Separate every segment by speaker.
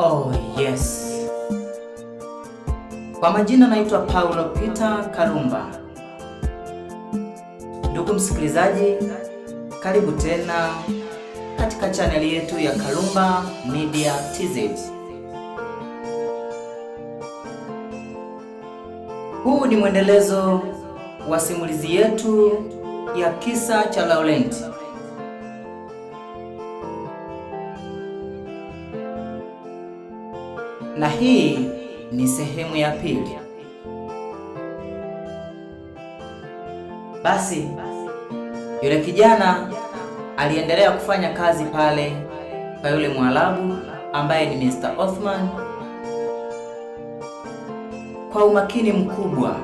Speaker 1: Oh, yes. Kwa majina naitwa Paulo Peter Kalumba. Ndugu msikilizaji, karibu tena katika chaneli yetu ya Kalumba Media TZ. Huu ni mwendelezo wa simulizi yetu ya kisa cha laurenti na hii ni sehemu ya pili. Basi yule kijana aliendelea kufanya kazi pale kwa yule Mwarabu ambaye ni Mr. Othman kwa umakini mkubwa,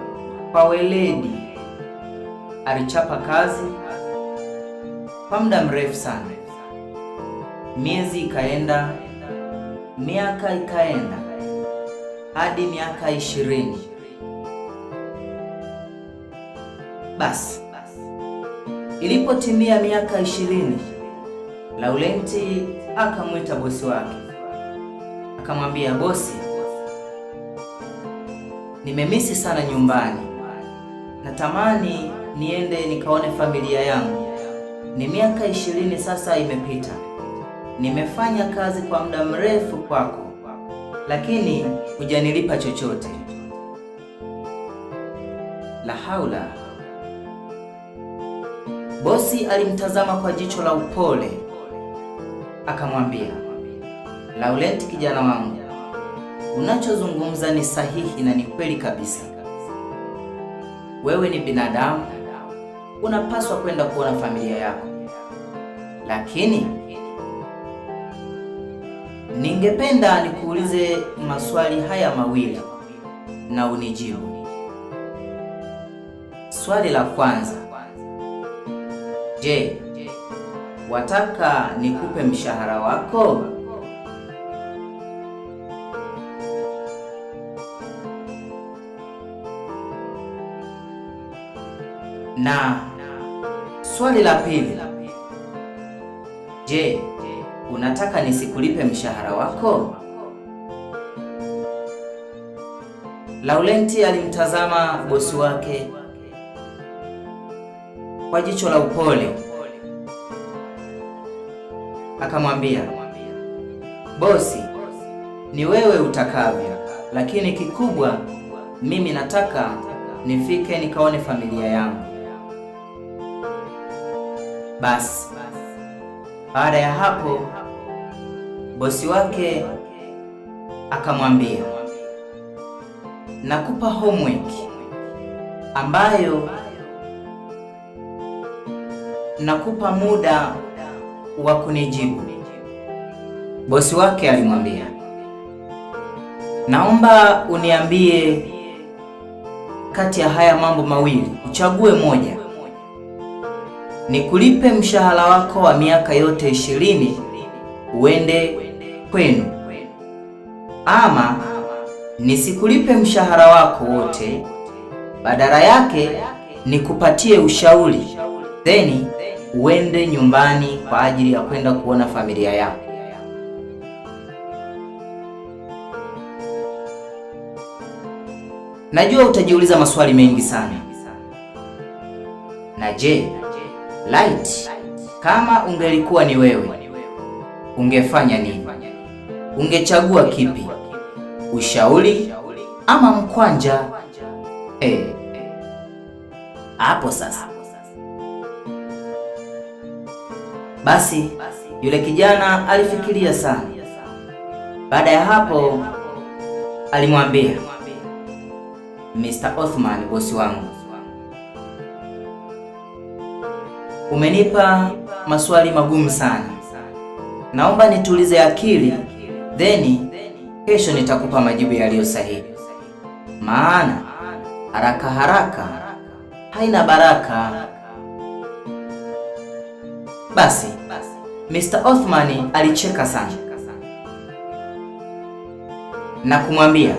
Speaker 1: kwa weledi, alichapa kazi kwa muda mrefu sana. Miezi ikaenda, miaka ikaenda hadi miaka ishirini. Basi ilipotimia miaka ishirini, Laurenti akamwita bosi wake akamwambia, bosi, nimemisi sana nyumbani, natamani niende nikaone familia yangu. Ni miaka ishirini sasa imepita, nimefanya kazi kwa muda mrefu kwako lakini hujanilipa chochote. La haula! Bosi alimtazama kwa jicho la upole, akamwambia, Laurent, kijana wangu, unachozungumza ni sahihi na ni kweli kabisa. Wewe ni binadamu, unapaswa kwenda kuona familia yako, lakini Ningependa nikuulize maswali haya mawili na unijibu. Swali la kwanza, je, wataka nikupe mshahara wako? Na swali la pili, je Unataka nisikulipe mshahara wako? Laurenti alimtazama bosi wake kwa jicho la upole, akamwambia, bosi, ni wewe utakavyo, lakini kikubwa mimi nataka nifike nikaone familia yangu. Basi baada ya hapo, bosi wake akamwambia, nakupa homework ambayo nakupa muda wa kunijibu. Bosi wake alimwambia, naomba uniambie kati ya haya mambo mawili uchague moja nikulipe mshahara wako wa miaka yote ishirini uende kwenu, ama nisikulipe mshahara wako wote, badala yake nikupatie ushauri, theni uende nyumbani kwa ajili ya kwenda kuona familia yako. Najua utajiuliza maswali mengi sana. Na je, Light, kama ungelikuwa ni wewe, ungefanya nini? Ungechagua kipi, ushauri ama mkwanja? Eh, eh. hapo sasa. Basi yule kijana alifikiria sana. Baada ya hapo, alimwambia Mr. Othman, bosi wangu umenipa maswali magumu sana, naomba nitulize akili, then kesho nitakupa majibu yaliyo sahihi, maana haraka haraka haina baraka. Basi Mr. Othman alicheka sana na kumwambia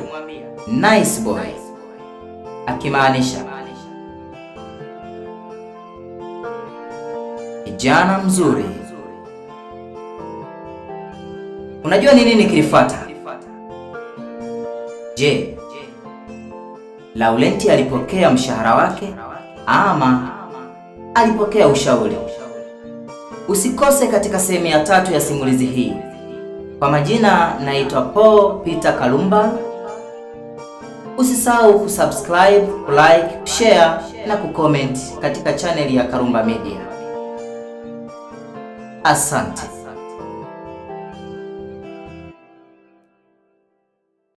Speaker 1: nice boy, akimaanisha kijana mzuri. Unajua ni nini kilifata? Je, Laurenti alipokea mshahara wake ama alipokea ushauri? Usikose katika sehemu ya tatu ya simulizi hii. Kwa majina naitwa Paul Peter Kalumba. Usisahau kusubscribe, like, share na kucomment katika chaneli ya Kalumba Media. Asante.